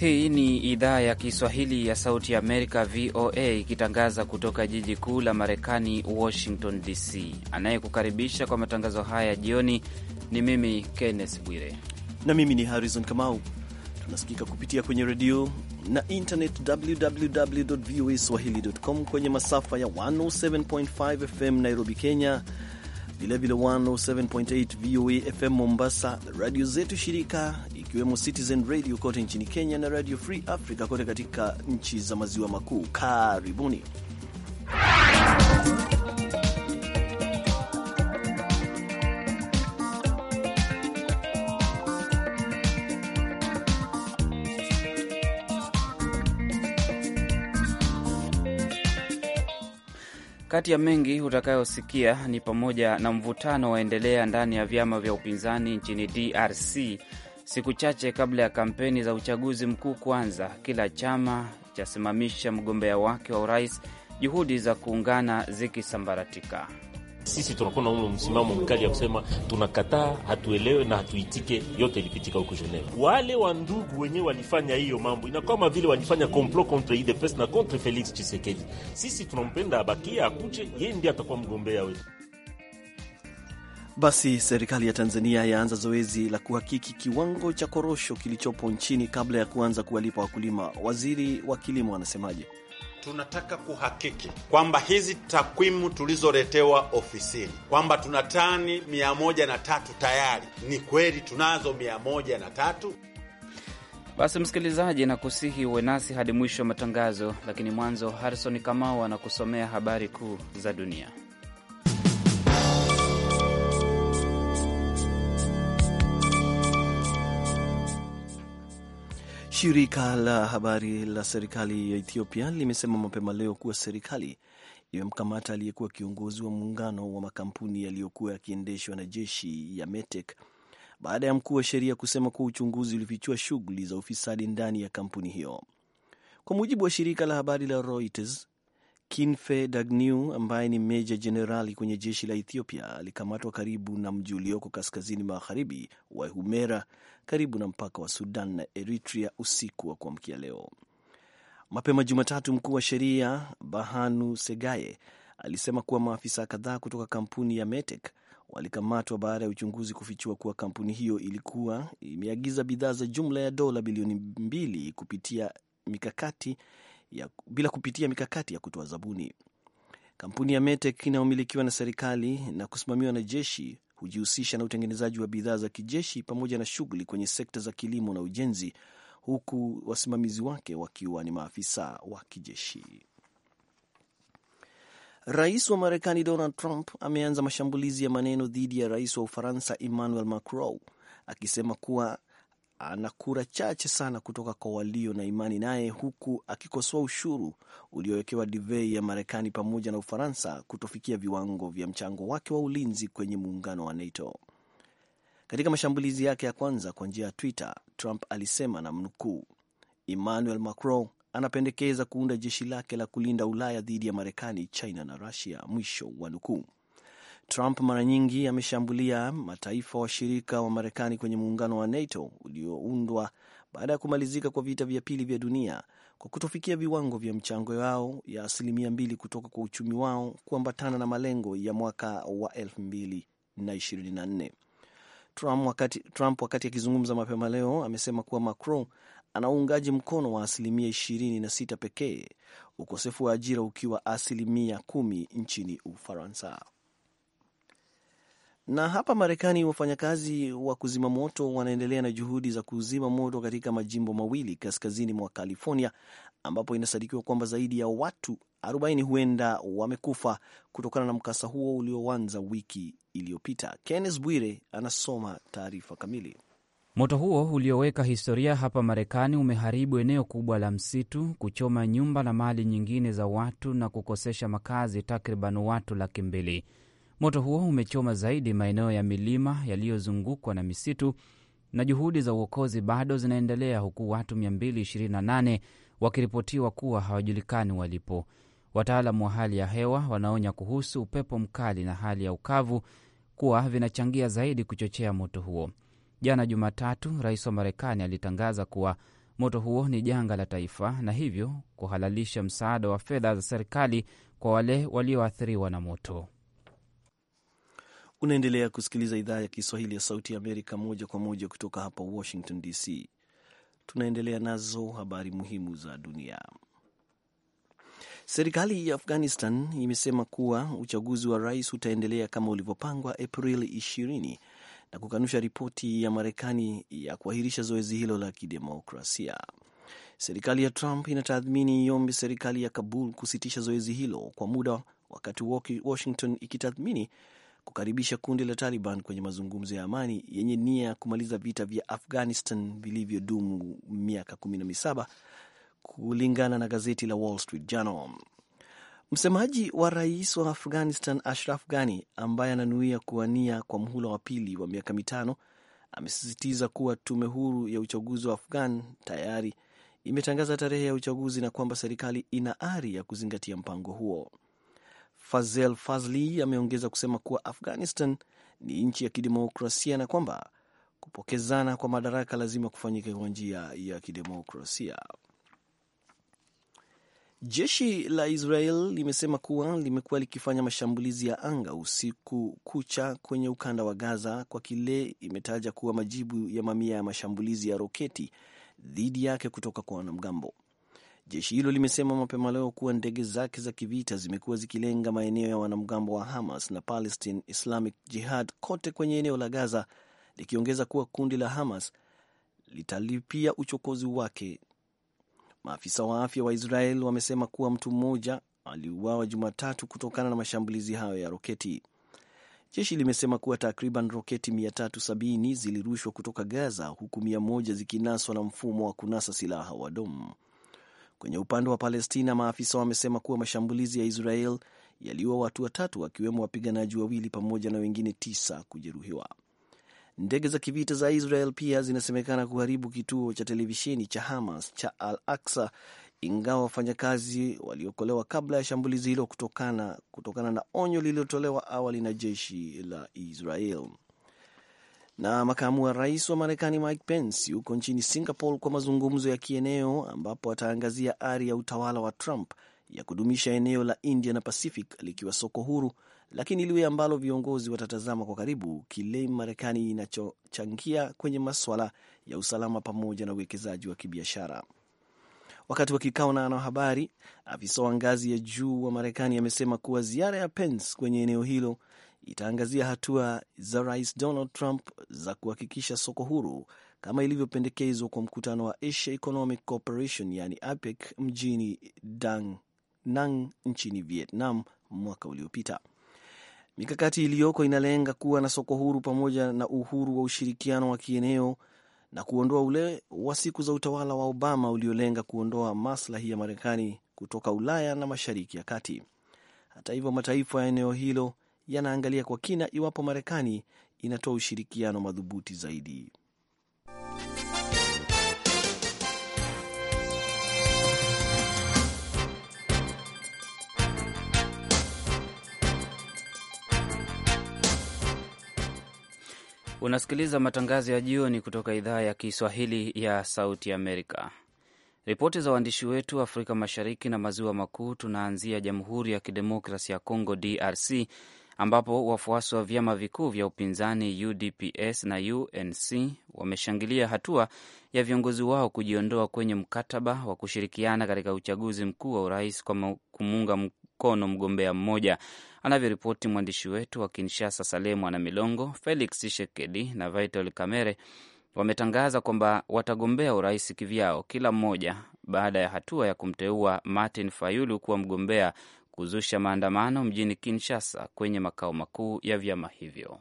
Hii ni idhaa ya Kiswahili ya Sauti ya Amerika, VOA, ikitangaza kutoka jiji kuu la Marekani, Washington DC. Anayekukaribisha kwa matangazo haya jioni ni mimi Kenneth Bwire na mimi ni Harrison Kamau. Tunasikika kupitia kwenye redio na internet, www voa swahili.com, kwenye masafa ya 107.5 FM Nairobi, Kenya, vilevile 107.8 VOA FM Mombasa, radio zetu shirika ikiwemo Citizen Radio kote nchini Kenya na Radio Free Africa kote katika nchi za maziwa makuu. Karibuni. Kati ya mengi utakayosikia ni pamoja na mvutano waendelea ndani ya vyama vya upinzani nchini DRC Siku chache kabla ya kampeni za uchaguzi mkuu kuanza, kila chama chasimamisha mgombea wake wa urais, juhudi za kuungana zikisambaratika. Sisi tunakuwa na ule msimamo mkali ya kusema tunakataa, hatuelewe na hatuitike yote ilipitika huko Geneva. Wale wa ndugu wenyewe walifanya hiyo mambo, inakuwa kama vile walifanya complot contre UDPS na contre Felix Tshisekedi. Sisi tunampenda abakia, akuche yeye ndiye atakuwa mgombea wetu. Basi serikali ya Tanzania yaanza zoezi la kuhakiki kiwango cha korosho kilichopo nchini kabla ya kuanza kuwalipa wakulima. Waziri wa kilimo anasemaje? Tunataka kuhakiki kwamba hizi takwimu tulizoletewa ofisini kwamba tuna tani mia moja na tatu tayari, ni kweli tunazo mia moja na tatu. Basi msikilizaji, na kusihi uwe nasi hadi mwisho wa matangazo, lakini mwanzo harison Kamau anakusomea habari kuu za dunia. Shirika la habari la serikali ya Ethiopia limesema mapema leo kuwa serikali imemkamata aliyekuwa kiongozi wa muungano wa makampuni yaliyokuwa yakiendeshwa na jeshi ya METEC baada ya mkuu wa sheria kusema kuwa uchunguzi ulifichua shughuli za ufisadi ndani ya kampuni hiyo. Kwa mujibu wa shirika la habari la Reuters, Kinfe Dagnew ambaye ni meja jenerali kwenye jeshi la Ethiopia alikamatwa karibu na mji ulioko kaskazini magharibi wa Humera karibu na mpaka wa Sudan na Eritrea usiku wa kuamkia leo. Mapema Jumatatu, mkuu wa sheria Bahanu Segaye alisema kuwa maafisa kadhaa kutoka kampuni ya Metek walikamatwa baada ya uchunguzi kufichua kuwa kampuni hiyo ilikuwa imeagiza bidhaa za jumla ya dola bilioni mbili kupitia mikakati ya, bila kupitia mikakati ya kutoa zabuni. Kampuni ya Metek inayomilikiwa na serikali na kusimamiwa na jeshi hujihusisha na utengenezaji wa bidhaa za kijeshi pamoja na shughuli kwenye sekta za kilimo na ujenzi, huku wasimamizi wake wakiwa ni maafisa wa kijeshi. Rais wa Marekani Donald Trump ameanza mashambulizi ya maneno dhidi ya rais wa Ufaransa Emmanuel Macron akisema kuwa ana kura chache sana kutoka kwa walio na imani naye, huku akikosoa ushuru uliowekewa divei ya Marekani pamoja na Ufaransa kutofikia viwango vya mchango wake wa ulinzi kwenye muungano wa NATO. Katika mashambulizi yake ya kwanza kwa njia ya Twitter, Trump alisema na mnukuu, Emmanuel Macron anapendekeza kuunda jeshi lake la kulinda Ulaya dhidi ya Marekani, China na Rusia, mwisho wa nukuu. Trump mara nyingi ameshambulia mataifa washirika wa Marekani kwenye muungano wa NATO ulioundwa baada ya kumalizika kwa vita vya pili vya dunia kwa kutofikia viwango vya mchango wao ya asilimia mbili kutoka kwa uchumi wao kuambatana na malengo ya mwaka wa 2024. Trump wakati, Trump wakati akizungumza mapema leo amesema kuwa Macron ana uungaji mkono wa asilimia 26 pekee, ukosefu wa ajira ukiwa asilimia kumi nchini Ufaransa. Na hapa Marekani, wafanyakazi wa kuzima moto wanaendelea na juhudi za kuzima moto katika majimbo mawili kaskazini mwa California, ambapo inasadikiwa kwamba zaidi ya watu 40 huenda wamekufa kutokana na mkasa huo ulioanza wiki iliyopita. Kenneth Bwire anasoma taarifa kamili. Moto huo ulioweka historia hapa Marekani umeharibu eneo kubwa la msitu, kuchoma nyumba na mali nyingine za watu na kukosesha makazi takriban watu laki mbili. Moto huo umechoma zaidi maeneo ya milima yaliyozungukwa na misitu na juhudi za uokozi bado zinaendelea huku watu 228 wakiripotiwa kuwa hawajulikani walipo. Wataalamu wa hali ya hewa wanaonya kuhusu upepo mkali na hali ya ukavu kuwa vinachangia zaidi kuchochea moto huo. Jana Jumatatu, rais wa Marekani alitangaza kuwa moto huo ni janga la taifa na hivyo kuhalalisha msaada wa fedha za serikali kwa wale walioathiriwa na moto. Unaendelea kusikiliza idhaa ya Kiswahili ya Sauti ya Amerika moja kwa moja kutoka hapa Washington DC. Tunaendelea nazo habari muhimu za dunia. Serikali ya Afghanistan imesema kuwa uchaguzi wa rais utaendelea kama ulivyopangwa Aprili 20 na kukanusha ripoti ya Marekani ya kuahirisha zoezi hilo la kidemokrasia. Serikali ya Trump inatathmini iombe serikali ya Kabul kusitisha zoezi hilo kwa muda, wakati Washington ikitathmini kukaribisha kundi la Taliban kwenye mazungumzo ya amani yenye nia ya kumaliza vita vya Afghanistan vilivyodumu miaka 17 kulingana na gazeti la Wall Street Journal. Msemaji wa rais wa Afghanistan Ashraf Ghani, ambaye ananuia kuwania kwa mhula wa pili wa miaka mitano, amesisitiza kuwa tume huru ya uchaguzi wa Afghan tayari imetangaza tarehe ya uchaguzi na kwamba serikali ina ari ya kuzingatia mpango huo. Fazel Fazli ameongeza kusema kuwa Afghanistan ni nchi ya kidemokrasia na kwamba kupokezana kwa madaraka lazima kufanyika kwa njia ya kidemokrasia. Jeshi la Israel limesema kuwa limekuwa likifanya mashambulizi ya anga usiku kucha kwenye ukanda wa Gaza kwa kile imetaja kuwa majibu ya mamia ya mashambulizi ya roketi dhidi yake kutoka kwa wanamgambo. Jeshi hilo limesema mapema leo kuwa ndege zake za kivita zimekuwa zikilenga maeneo ya wanamgambo wa Hamas na Palestine Islamic Jihad kote kwenye eneo la Gaza, likiongeza kuwa kundi la Hamas litalipia uchokozi wake. Maafisa wa afya wa Israel wamesema kuwa mtu mmoja aliuawa Jumatatu kutokana na mashambulizi hayo ya roketi. Jeshi limesema kuwa takriban roketi 370 zilirushwa kutoka Gaza, huku 1 zikinaswa na mfumo wa kunasa silaha wa domu Kwenye upande wa Palestina, maafisa wamesema kuwa mashambulizi ya Israel yaliua watu watatu wakiwemo wapiganaji wawili pamoja na wengine tisa kujeruhiwa. Ndege za kivita za Israel pia zinasemekana kuharibu kituo cha televisheni cha Hamas cha Al Aksa, ingawa wafanyakazi waliokolewa kabla ya shambulizi hilo kutokana, kutokana na onyo lililotolewa awali na jeshi la Israel na makamu wa rais wa Marekani Mike Pence yuko nchini Singapore kwa mazungumzo ya kieneo ambapo ataangazia ari ya utawala wa Trump ya kudumisha eneo la India na Pacific likiwa soko huru, lakini liwe ambalo viongozi watatazama kwa karibu kile Marekani inachochangia kwenye maswala ya usalama pamoja na uwekezaji wa kibiashara. Wakati wa kikao na wanahabari, afisa wa ngazi ya juu wa Marekani amesema kuwa ziara ya Pence kwenye eneo hilo itaangazia hatua za Rais Donald Trump za kuhakikisha soko huru kama ilivyopendekezwa kwa mkutano wa Asia Economic Cooperation yani APEC mjini Dang Nang nchini Vietnam mwaka uliopita. Mikakati iliyoko inalenga kuwa na soko huru pamoja na uhuru wa ushirikiano wa kieneo na kuondoa ule wa siku za utawala wa Obama uliolenga kuondoa maslahi ya Marekani kutoka Ulaya na Mashariki ya Kati. Hata hivyo, mataifa ya eneo hilo yanaangalia kwa kina iwapo Marekani inatoa ushirikiano madhubuti zaidi. Unasikiliza matangazo ya jioni kutoka idhaa ya Kiswahili ya Sauti Amerika. Ripoti za waandishi wetu Afrika Mashariki na Maziwa Makuu. Tunaanzia Jamhuri ya Kidemokrasi ya congo DRC, ambapo wafuasi wa vyama vikuu vya upinzani UDPS na UNC wameshangilia hatua ya viongozi wao kujiondoa kwenye mkataba wa kushirikiana katika uchaguzi mkuu wa urais kwa kumuunga mkono mgombea mmoja, anavyoripoti mwandishi wetu wa Kinshasa, salemu ana Milongo. Felix Tshisekedi na Vital Kamerhe wametangaza kwamba watagombea urais kivyao kila mmoja baada ya hatua ya kumteua Martin Fayulu kuwa mgombea kuzusha maandamano mjini Kinshasa kwenye makao makuu ya vyama hivyo.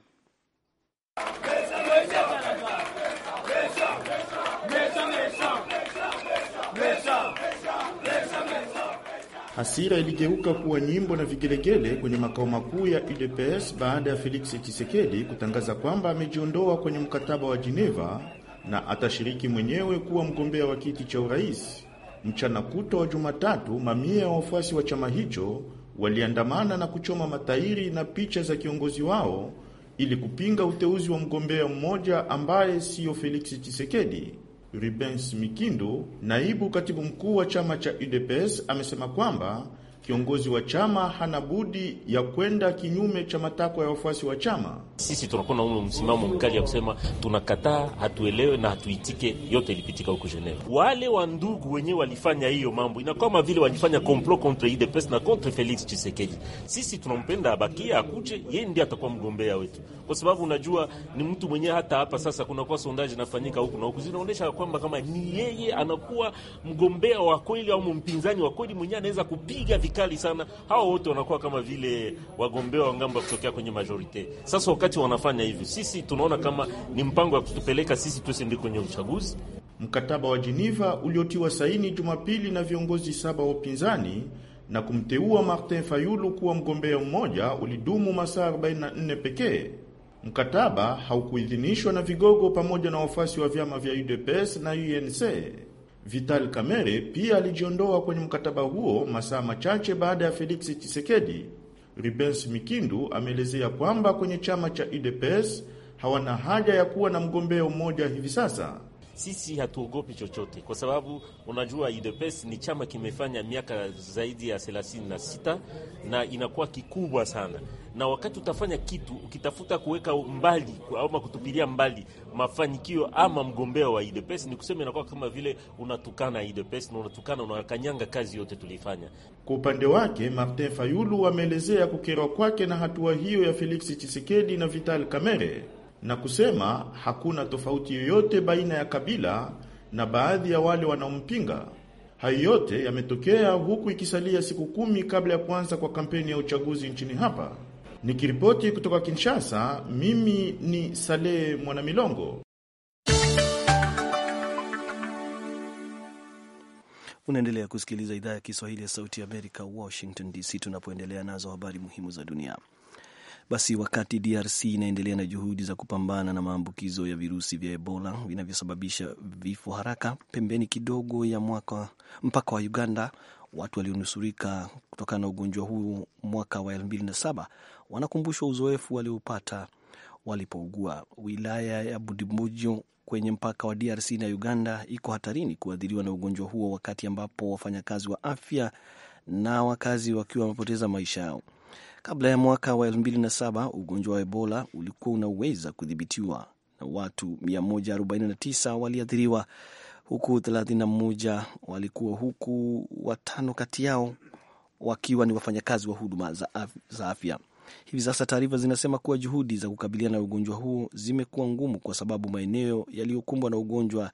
Hasira iligeuka kuwa nyimbo na vigelegele kwenye makao makuu ya UDPS baada ya Felix Tshisekedi kutangaza kwamba amejiondoa kwenye mkataba wa Geneva na atashiriki mwenyewe kuwa mgombea wa kiti cha urais. Mchana kuto wa Jumatatu, mamia ya wafuasi wa chama hicho waliandamana na kuchoma matairi na picha za kiongozi wao ili kupinga uteuzi wa mgombea mmoja ambaye siyo Felix Tshisekedi. Rubens Mikindo, naibu katibu mkuu wa chama cha UDPS, amesema kwamba kiongozi wa chama hana budi ya kwenda kinyume cha matakwa ya wafuasi wa chama. Sisi tunakuwa na ule msimamo mkali ya kusema tunakataa, hatuelewe na hatuitike yote ilipitika huko Geneva. Wale wa ndugu wenyewe walifanya hiyo mambo, inakuwa kama vile walifanya complot contre UDPS na contre Felix Tshisekedi. Sisi tunampenda abakia akuje, yeye ndiye atakuwa mgombea wetu, kwa sababu unajua ni mtu mwenyewe. Hata hapa sasa kunakuwa sondaji nafanyika huku na huku, zinaonyesha kwamba kama ni yeye anakuwa mgombea wa kweli au mpinzani wa kweli mwenyewe anaweza kupiga vikali sana. hawa wote wanakuwa kama vile wagombea wa ngambo ya kutokea kwenye majorite. Sasa wakati wanafanya hivyo, sisi tunaona kama ni mpango wa kutupeleka sisi tusindi kwenye uchaguzi. Mkataba wa Geneva uliotiwa saini Jumapili na viongozi saba wa upinzani na kumteua Martin Fayulu kuwa mgombea mmoja ulidumu masaa 44 pekee. Mkataba haukuidhinishwa na vigogo pamoja na wafuasi wa vyama vya UDPS na UNC. Vital Kamerhe pia alijiondoa kwenye mkataba huo masaa machache baada ya Felix Tshisekedi. Rubens Mikindu ameelezea kwamba kwenye chama cha UDPS hawana haja ya kuwa na mgombea mmoja hivi sasa. Sisi hatuogopi chochote, kwa sababu unajua UDPS ni chama kimefanya miaka zaidi ya thelathini na sita na inakuwa kikubwa sana, na wakati utafanya kitu ukitafuta kuweka mbali ama kutupilia mbali mafanikio ama mgombea wa UDPS, ni kusema inakuwa kama vile unatukana UDPS na unatukana, unakanyanga kazi yote tulifanya. Kwa upande wake Martin Fayulu ameelezea kukerwa kwake na hatua hiyo ya Felix Tshisekedi na Vital Kamerhe na kusema hakuna tofauti yoyote baina ya Kabila na baadhi ya wale wanaompinga. Hayo yote yametokea huku ikisalia siku kumi kabla ya kuanza kwa kampeni ya uchaguzi nchini hapa. Nikiripoti kutoka Kinshasa, mimi ni Saleh Mwanamilongo. Unaendelea kusikiliza idhaa ya Kiswahili ya Sauti ya Amerika, Washington DC, tunapoendelea nazo habari muhimu za dunia. Basi wakati DRC inaendelea na juhudi za kupambana na maambukizo ya virusi vya Ebola vinavyosababisha vifo haraka, pembeni kidogo ya mwaka, mpaka wa Uganda, watu walionusurika kutokana na ugonjwa huu mwaka wa 2007 wanakumbushwa uzoefu waliopata walipougua. Wilaya ya Budimbujo kwenye mpaka wa DRC na Uganda iko hatarini kuathiriwa na ugonjwa huo, wakati ambapo wafanyakazi wa afya na wakazi wakiwa wamepoteza maisha yao. Kabla ya mwaka wa 2007 ugonjwa wa Ebola ulikuwa unaweza kudhibitiwa na watu 149 waliathiriwa, huku 31 walikuwa, huku watano kati yao wakiwa ni wafanyakazi wa huduma za afya. Hivi sasa taarifa zinasema kuwa juhudi za kukabiliana na ugonjwa huo zimekuwa ngumu kwa sababu maeneo yaliyokumbwa na ugonjwa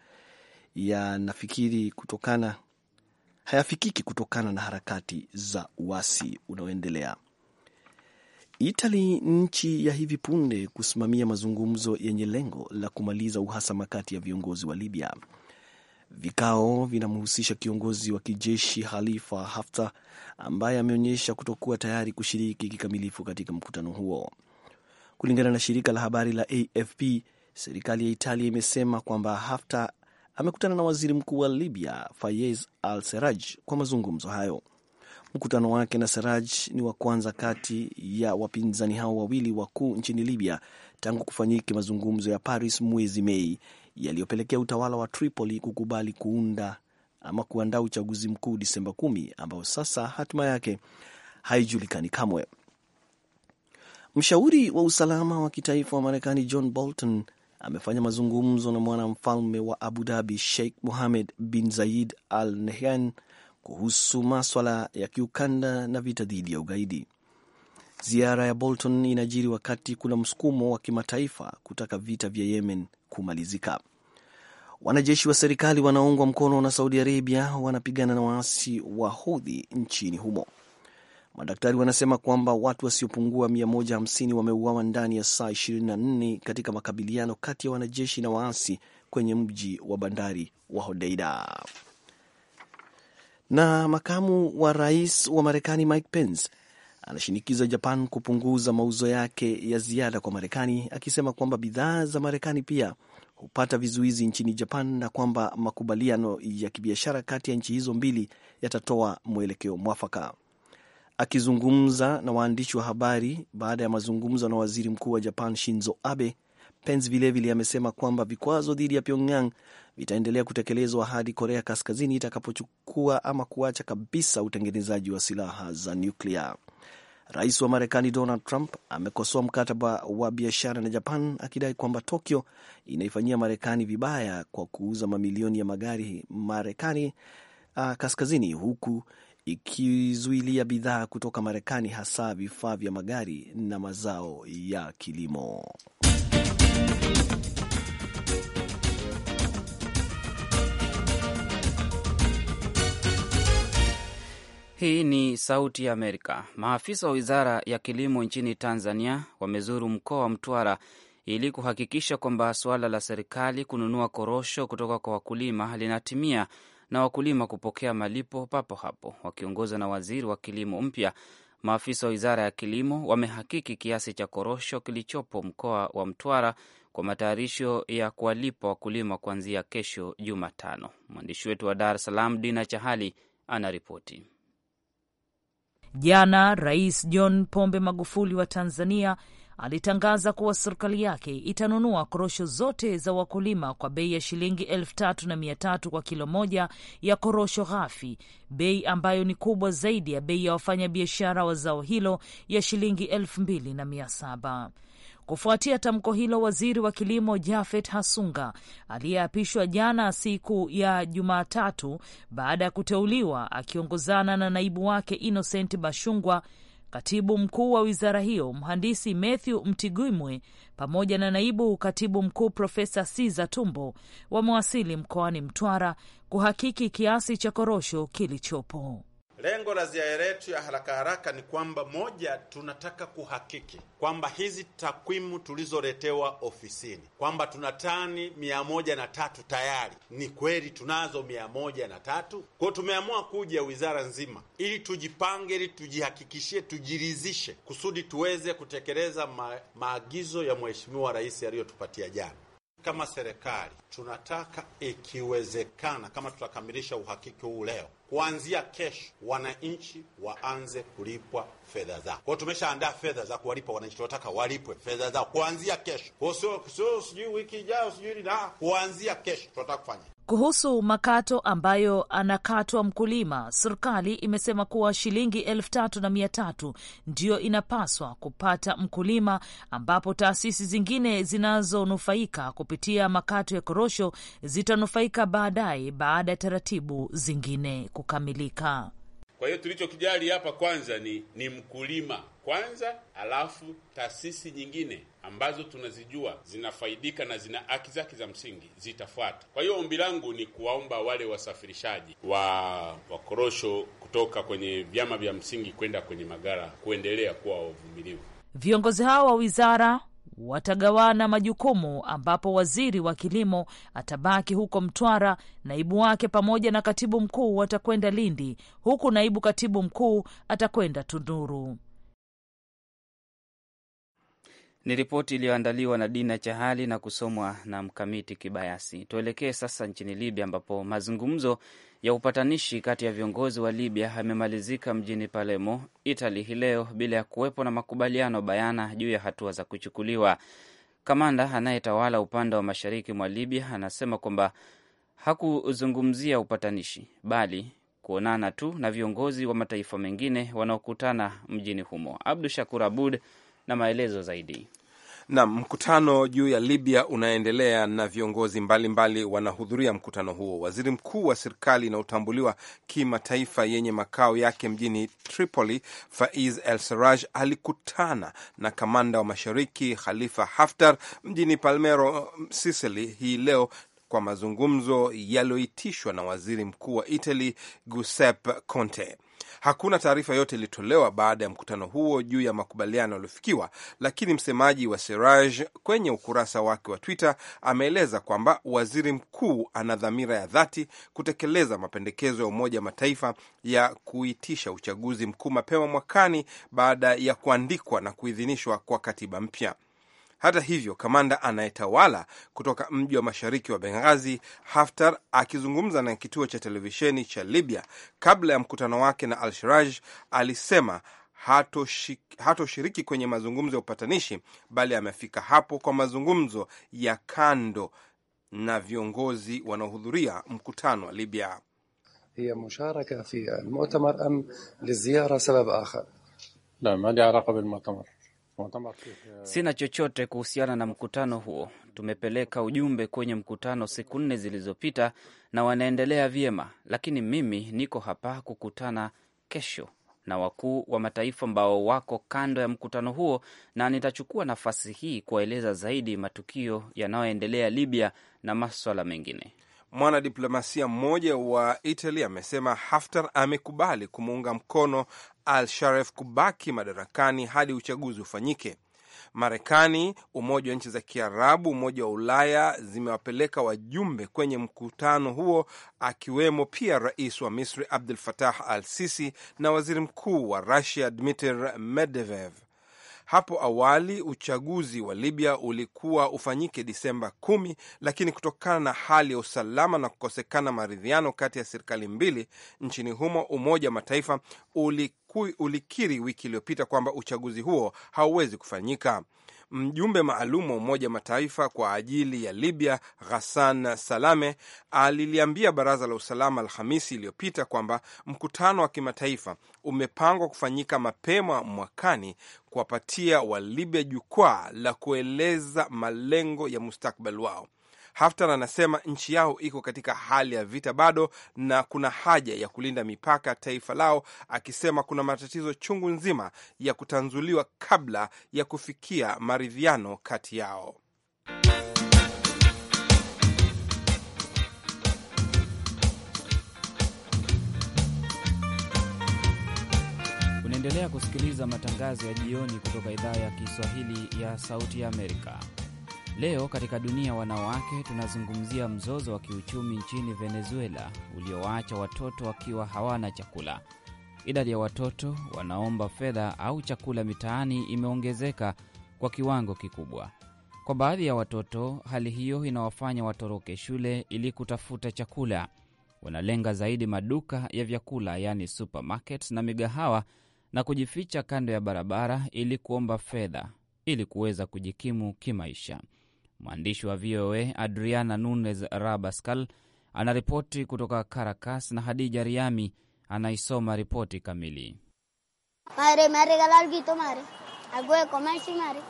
yanafikiri kutokana hayafikiki kutokana na harakati za uasi unaoendelea itali nchi ya hivi punde kusimamia mazungumzo yenye lengo la kumaliza uhasama kati ya viongozi wa Libya. Vikao vinamhusisha kiongozi wa kijeshi Khalifa Haftar ambaye ameonyesha kutokuwa tayari kushiriki kikamilifu katika mkutano huo. Kulingana na shirika la habari la AFP, serikali ya Italia imesema kwamba Haftar amekutana na waziri mkuu wa Libya Fayez al Seraj kwa mazungumzo hayo. Mkutano wake na Saraj ni wa kwanza kati ya wapinzani hao wawili wakuu nchini Libya tangu kufanyike mazungumzo ya Paris mwezi Mei yaliyopelekea utawala wa Tripoli kukubali kuunda ama kuandaa uchaguzi mkuu Disemba kumi ambao sasa hatima yake haijulikani kamwe. Mshauri wa usalama wa kitaifa wa Marekani John Bolton amefanya mazungumzo na mwanamfalme wa Abu Dhabi Sheikh Mohammed bin Zayed Al Nahyan kuhusu maswala ya kiukanda na vita dhidi ya ugaidi. Ziara ya Bolton inajiri wakati kuna msukumo wa kimataifa kutaka vita vya Yemen kumalizika. Wanajeshi wa serikali wanaoungwa mkono na Saudi Arabia wanapigana na waasi wa hodhi nchini humo. Madaktari wanasema kwamba watu wasiopungua 150 wameuawa ndani ya saa 24 katika makabiliano kati ya wanajeshi na waasi kwenye mji wa bandari wa Hodeida na makamu wa rais wa Marekani Mike Pence anashinikiza Japan kupunguza mauzo yake ya ziada kwa Marekani, akisema kwamba bidhaa za Marekani pia hupata vizuizi nchini Japan na kwamba makubaliano ya kibiashara kati ya nchi hizo mbili yatatoa mwelekeo mwafaka. Akizungumza na waandishi wa habari baada ya mazungumzo na waziri mkuu wa Japan Shinzo Abe Pence vilevile amesema kwamba vikwazo dhidi ya Pyongyang vitaendelea kutekelezwa hadi Korea Kaskazini itakapochukua ama kuacha kabisa utengenezaji wa silaha za nyuklia. Rais wa Marekani Donald Trump amekosoa mkataba wa biashara na Japan akidai kwamba Tokyo inaifanyia Marekani vibaya kwa kuuza mamilioni ya magari Marekani uh, kaskazini huku ikizuilia bidhaa kutoka Marekani hasa vifaa vya magari na mazao ya kilimo. Hii ni Sauti ya Amerika. Maafisa wa wizara ya kilimo nchini Tanzania wamezuru mkoa wa Mtwara ili kuhakikisha kwamba suala la serikali kununua korosho kutoka kwa wakulima linatimia na wakulima kupokea malipo papo hapo. Wakiongozwa na waziri wa kilimo mpya, maafisa wa wizara ya kilimo wamehakiki kiasi cha korosho kilichopo mkoa wa Mtwara kwa matayarisho ya kuwalipa wakulima kuanzia kesho Jumatano. Mwandishi wetu wa Dar es Salaam, Dina Chahali, anaripoti. Jana Rais John Pombe Magufuli wa Tanzania alitangaza kuwa serikali yake itanunua korosho zote za wakulima kwa bei ya shilingi elfu tatu na mia tatu kwa kilo moja ya korosho ghafi, bei ambayo ni kubwa zaidi ya bei ya wafanyabiashara wa zao hilo ya shilingi elfu mbili na mia saba. Kufuatia tamko hilo, waziri wa kilimo Jafet Hasunga aliyeapishwa jana siku ya Jumatatu baada ya kuteuliwa akiongozana na naibu wake Innocent Bashungwa, katibu mkuu wa wizara hiyo mhandisi Matthew Mtigumwe pamoja na naibu katibu mkuu Profesa Siza Tumbo wamewasili mkoani Mtwara kuhakiki kiasi cha korosho kilichopo. Lengo la ziara yetu ya haraka haraka ni kwamba, moja, tunataka kuhakiki kwamba hizi takwimu tulizoletewa ofisini kwamba tuna tani mia moja na tatu tayari, ni kweli tunazo mia moja na tatu Kwao tumeamua kuja wizara nzima, ili tujipange, ili tujihakikishie, tujirizishe kusudi tuweze kutekeleza ma maagizo ya Mheshimiwa Rais aliyotupatia jana. Kama serikali tunataka ikiwezekana, kama tutakamilisha uhakiki huu leo, kuanzia kesho wananchi waanze kulipwa fedha zao. Kwao tumeshaandaa fedha za kuwalipa wananchi, tunataka walipwe fedha zao kuanzia kesho, sio sijui wiki ijayo, sijui kuanzia kesho tunataka kufanya kuhusu makato ambayo anakatwa mkulima, serikali imesema kuwa shilingi elfu tatu na mia tatu ndiyo inapaswa kupata mkulima, ambapo taasisi zingine zinazonufaika kupitia makato ya korosho zitanufaika baadaye baada ya taratibu zingine kukamilika. Kwa hiyo tulichokijali hapa kwanza ni ni mkulima kwanza, alafu taasisi nyingine ambazo tunazijua zinafaidika na zina haki zake za msingi zitafuata. Kwa hiyo ombi langu ni kuwaomba wale wasafirishaji wa wakorosho kutoka kwenye vyama vya msingi kwenda kwenye magara kuendelea kuwa wavumilivu. Viongozi hao wa wizara watagawana majukumu ambapo waziri wa kilimo atabaki huko Mtwara, naibu wake pamoja na katibu mkuu watakwenda Lindi, huku naibu katibu mkuu atakwenda Tunduru. Ni ripoti iliyoandaliwa na Dina Chahali na kusomwa na Mkamiti Kibayasi. Tuelekee sasa nchini Libya, ambapo mazungumzo ya upatanishi kati ya viongozi wa Libya yamemalizika mjini Palermo, Itali hii leo bila ya kuwepo na makubaliano bayana juu ya hatua za kuchukuliwa. Kamanda anayetawala upande wa mashariki mwa Libya anasema kwamba hakuzungumzia upatanishi, bali kuonana tu na viongozi wa mataifa mengine wanaokutana mjini humo. Abdu Shakur Abud na maelezo zaidi. Na mkutano juu ya Libya unaendelea na viongozi mbalimbali wanahudhuria mkutano huo. Waziri mkuu wa serikali inayotambuliwa kimataifa yenye makao yake mjini Tripoli, Faiz El Saraj, alikutana na kamanda wa mashariki Khalifa Haftar mjini Palmero, Sicily hii leo kwa mazungumzo yaliyoitishwa na waziri mkuu wa Italy Giuseppe Conte. Hakuna taarifa yote ilitolewa baada ya mkutano huo juu ya makubaliano yaliyofikiwa, lakini msemaji wa Seraj kwenye ukurasa wake wa Twitter ameeleza kwamba waziri mkuu ana dhamira ya dhati kutekeleza mapendekezo ya Umoja wa Mataifa ya kuitisha uchaguzi mkuu mapema mwakani baada ya kuandikwa na kuidhinishwa kwa katiba mpya. Hata hivyo, kamanda anayetawala kutoka mji wa mashariki wa Benghazi, Haftar, akizungumza na kituo cha televisheni cha Libya kabla ya mkutano wake na Al-Siraj, alisema hatoshiriki kwenye mazungumzo ya upatanishi, bali amefika hapo kwa mazungumzo ya kando na viongozi wanaohudhuria mkutano wa Libya. hiya fi almu'tamar am liziara sabab akhar la ma li bilmu'tamar Sina chochote kuhusiana na mkutano huo. Tumepeleka ujumbe kwenye mkutano siku nne zilizopita na wanaendelea vyema, lakini mimi niko hapa kukutana kesho na wakuu wa mataifa ambao wako kando ya mkutano huo, na nitachukua nafasi hii kuwaeleza zaidi matukio yanayoendelea Libya na maswala mengine. Mwanadiplomasia mmoja wa Italy amesema Haftar amekubali kumuunga mkono al Sharef kubaki madarakani hadi uchaguzi ufanyike. Marekani, Umoja wa Nchi za Kiarabu, Umoja wa Ulaya zimewapeleka wajumbe kwenye mkutano huo, akiwemo pia rais wa Misri Abdul Fatah al Sisi na waziri mkuu wa Rusia Dmitri Medvedev. Hapo awali uchaguzi wa Libya ulikuwa ufanyike Disemba kumi, lakini kutokana na hali ya usalama na kukosekana maridhiano kati ya serikali mbili nchini humo, Umoja wa Mataifa ulikiri wiki iliyopita kwamba uchaguzi huo hauwezi kufanyika. Mjumbe maalum wa Umoja Mataifa kwa ajili ya Libya, Ghassan Salame, aliliambia Baraza la Usalama Alhamisi iliyopita kwamba mkutano wa kimataifa umepangwa kufanyika mapema mwakani kuwapatia Walibya jukwaa la kueleza malengo ya mustakbal wao. Haftar anasema nchi yao iko katika hali ya vita bado na kuna haja ya kulinda mipaka taifa lao, akisema kuna matatizo chungu nzima ya kutanzuliwa kabla ya kufikia maridhiano kati yao. Unaendelea kusikiliza matangazo ya jioni kutoka idhaa ya Kiswahili ya Sauti ya Amerika. Leo katika dunia wanawake, tunazungumzia mzozo wa kiuchumi nchini Venezuela uliowaacha watoto wakiwa hawana chakula. Idadi ya watoto wanaomba fedha au chakula mitaani imeongezeka kwa kiwango kikubwa. Kwa baadhi ya watoto, hali hiyo inawafanya watoroke shule ili kutafuta chakula. Wanalenga zaidi maduka ya vyakula, yaani supermarkets na migahawa, na kujificha kando ya barabara ili kuomba fedha ili kuweza kujikimu kimaisha. Mwandishi wa VOA Adriana Nunez Rabascal anaripoti kutoka Caracas na Hadija Riami anaisoma ripoti kamili. Mare, mare, galalgito, mare.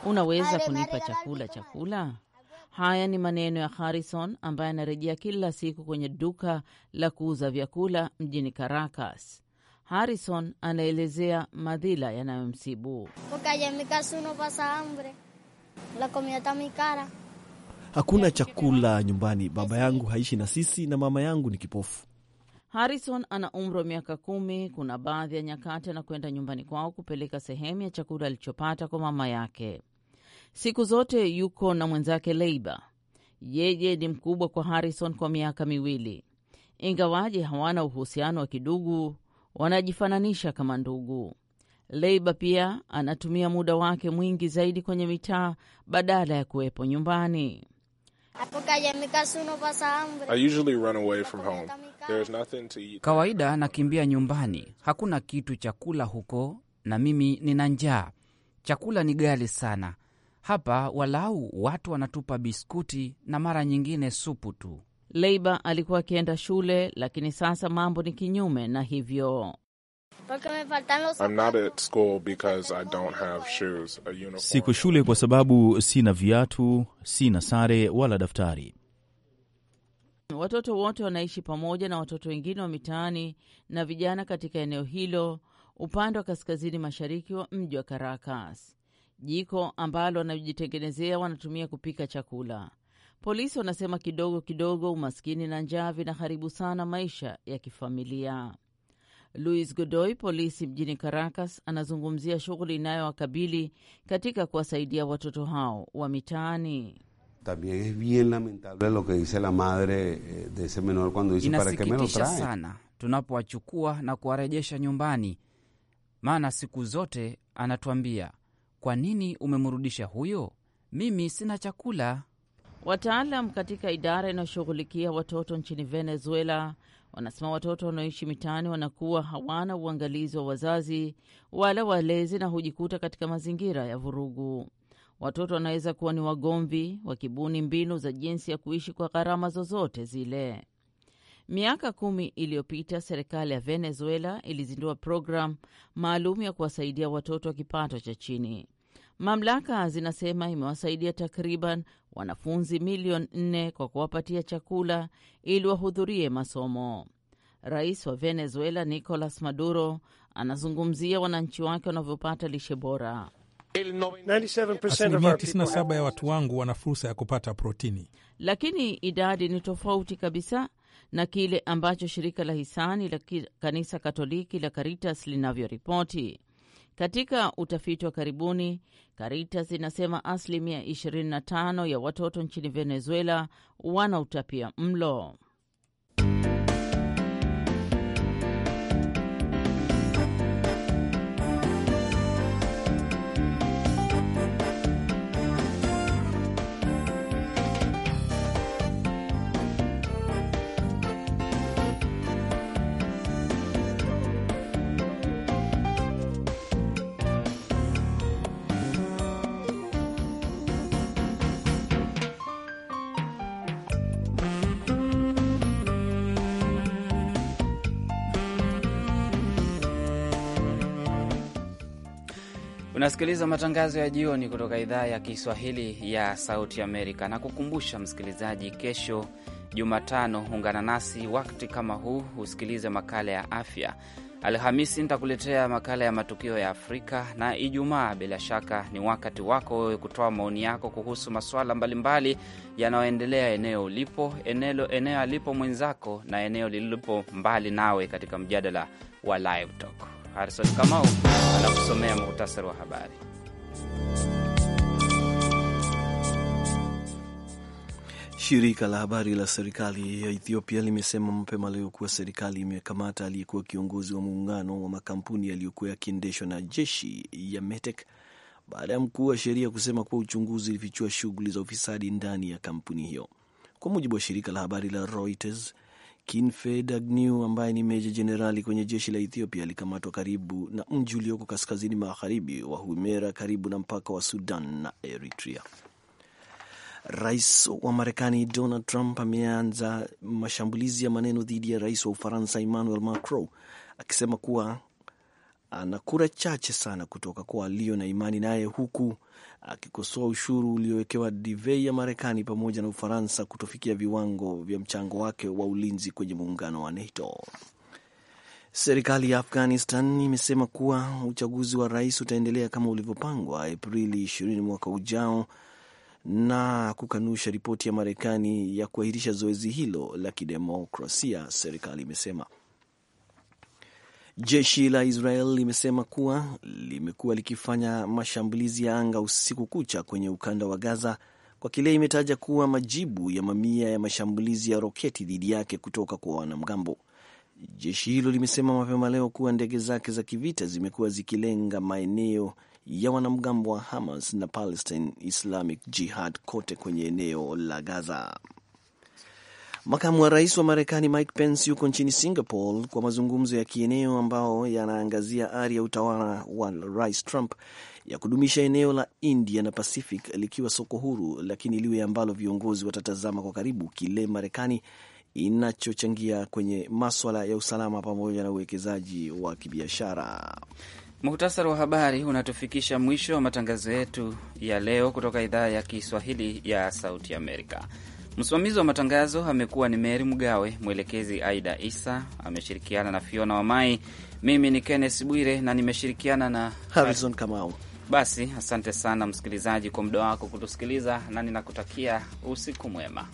Unaweza kunipa chakula chakula? Haya ni maneno ya Harrison ambaye anarejea kila siku kwenye duka la kuuza vyakula mjini Caracas. Harrison anaelezea madhila yanayomsibu hakuna chakula nyumbani, baba yangu haishi na sisi na mama yangu ni kipofu. Harrison ana umri wa miaka kumi. Kuna baadhi ya nyakati anakwenda nyumbani kwao kupeleka sehemu ya chakula alichopata kwa mama yake. Siku zote yuko na mwenzake Leiba. Yeye ni mkubwa kwa Harrison kwa miaka miwili. Ingawaje hawana uhusiano wa kidugu, wanajifananisha kama ndugu. Leiba pia anatumia muda wake mwingi zaidi kwenye mitaa badala ya kuwepo nyumbani. I usually run away from home. nothing to eat. Kawaida nakimbia nyumbani, hakuna kitu chakula huko na mimi nina njaa. Chakula ni ghali sana hapa, walau watu wanatupa biskuti na mara nyingine supu tu. Leiba alikuwa akienda shule, lakini sasa mambo ni kinyume na hivyo. Siko shule kwa sababu sina viatu, sina sare wala daftari. Watoto wote wanaishi pamoja na watoto wengine wa mitaani na vijana katika eneo hilo upande wa kaskazini mashariki wa mji wa Caracas. Jiko ambalo wanajitengenezea wanatumia kupika chakula. Polisi wanasema kidogo kidogo umaskini na njaa vinaharibu sana maisha ya kifamilia. Luis Godoy, polisi mjini Caracas, anazungumzia shughuli inayowakabili katika kuwasaidia watoto hao wa mitaani. Inasikitisha sana tunapowachukua na kuwarejesha nyumbani, maana siku zote anatuambia, kwa nini umemrudisha huyo? Mimi sina chakula. Wataalam katika idara inayoshughulikia watoto nchini Venezuela Wanasema watoto wanaoishi mitaani wanakuwa hawana uangalizi wa wazazi wala walezi na hujikuta katika mazingira ya vurugu. Watoto wanaweza kuwa ni wagomvi, wakibuni mbinu za jinsi ya kuishi kwa gharama zozote zile. Miaka kumi iliyopita serikali ya Venezuela ilizindua programu maalum ya kuwasaidia watoto wa kipato cha chini. Mamlaka zinasema imewasaidia takriban wanafunzi milioni nne kwa kuwapatia chakula ili wahudhurie masomo. Rais wa Venezuela Nicolas Maduro anazungumzia wananchi wake wanavyopata lishe bora. Asilimia 97 ya watu wangu wana fursa ya kupata protini, lakini idadi ni tofauti kabisa na kile ambacho shirika la hisani la Kanisa Katoliki la Caritas linavyoripoti. Katika utafiti wa karibuni, Caritas inasema asilimia 25 ya watoto nchini Venezuela wana utapia mlo. Unasikiliza matangazo ya jioni kutoka idhaa ya Kiswahili ya Sauti Amerika, na kukumbusha msikilizaji, kesho Jumatano ungana nasi wakati kama huu husikilize makala ya afya. Alhamisi nitakuletea makala ya matukio ya Afrika na Ijumaa bila shaka ni wakati wako wewe kutoa maoni yako kuhusu masuala mbalimbali yanayoendelea eneo ulipo, eneo, eneo alipo mwenzako na eneo lililopo mbali nawe katika mjadala wa Live Talk. Harrison Kamau anakusomea muhtasari wa habari. Shirika la habari la serikali ya Ethiopia limesema mapema leo kuwa serikali imekamata aliyekuwa kiongozi wa muungano wa makampuni yaliyokuwa yakiendeshwa na jeshi ya METEK baada ya mkuu wa sheria kusema kuwa uchunguzi ulifichua shughuli za ufisadi ndani ya kampuni hiyo. Kwa mujibu wa shirika la habari la Reuters, Kinfed Agnew ambaye ni meja jenerali kwenye jeshi la Ethiopia alikamatwa karibu na mji ulioko kaskazini magharibi wa Humera karibu na mpaka wa Sudan na Eritrea. Rais wa Marekani Donald Trump ameanza mashambulizi ya maneno dhidi ya rais wa Ufaransa Emmanuel Macron akisema kuwa ana kura chache sana kutoka kwa walio na imani naye, huku akikosoa ushuru uliowekewa divei ya Marekani pamoja na Ufaransa kutofikia viwango vya mchango wake wa ulinzi kwenye muungano wa NATO. Serikali ya Afghanistan imesema kuwa uchaguzi wa rais utaendelea kama ulivyopangwa Aprili 20 mwaka ujao na kukanusha ripoti ya Marekani ya kuahirisha zoezi hilo la kidemokrasia, serikali imesema. Jeshi la Israel limesema kuwa limekuwa likifanya mashambulizi ya anga usiku kucha kwenye ukanda wa Gaza kwa kile imetaja kuwa majibu ya mamia ya mashambulizi ya roketi dhidi yake kutoka kwa wanamgambo. Jeshi hilo limesema mapema leo kuwa ndege zake za kivita zimekuwa zikilenga maeneo ya wanamgambo wa Hamas na Palestine Islamic Jihad kote kwenye eneo la Gaza. Makamu wa rais wa Marekani Mike Pence yuko nchini Singapore kwa mazungumzo ya kieneo ambao yanaangazia ari ya utawala wa Rais Trump ya kudumisha eneo la India na Pacific likiwa soko huru, lakini liwe ambalo viongozi watatazama kwa karibu kile Marekani inachochangia kwenye maswala ya usalama pamoja na uwekezaji wa kibiashara. Muhtasari wa habari unatufikisha mwisho wa matangazo yetu ya leo kutoka idhaa ya Kiswahili ya Sauti Amerika. Msimamizi wa matangazo amekuwa ni Meri Mgawe, mwelekezi Aida Isa ameshirikiana na Fiona Wamai, mimi ni Kenneth Bwire na nimeshirikiana na Harrison Kamau. Basi asante sana msikilizaji kwa muda wako kutusikiliza, na ninakutakia usiku mwema.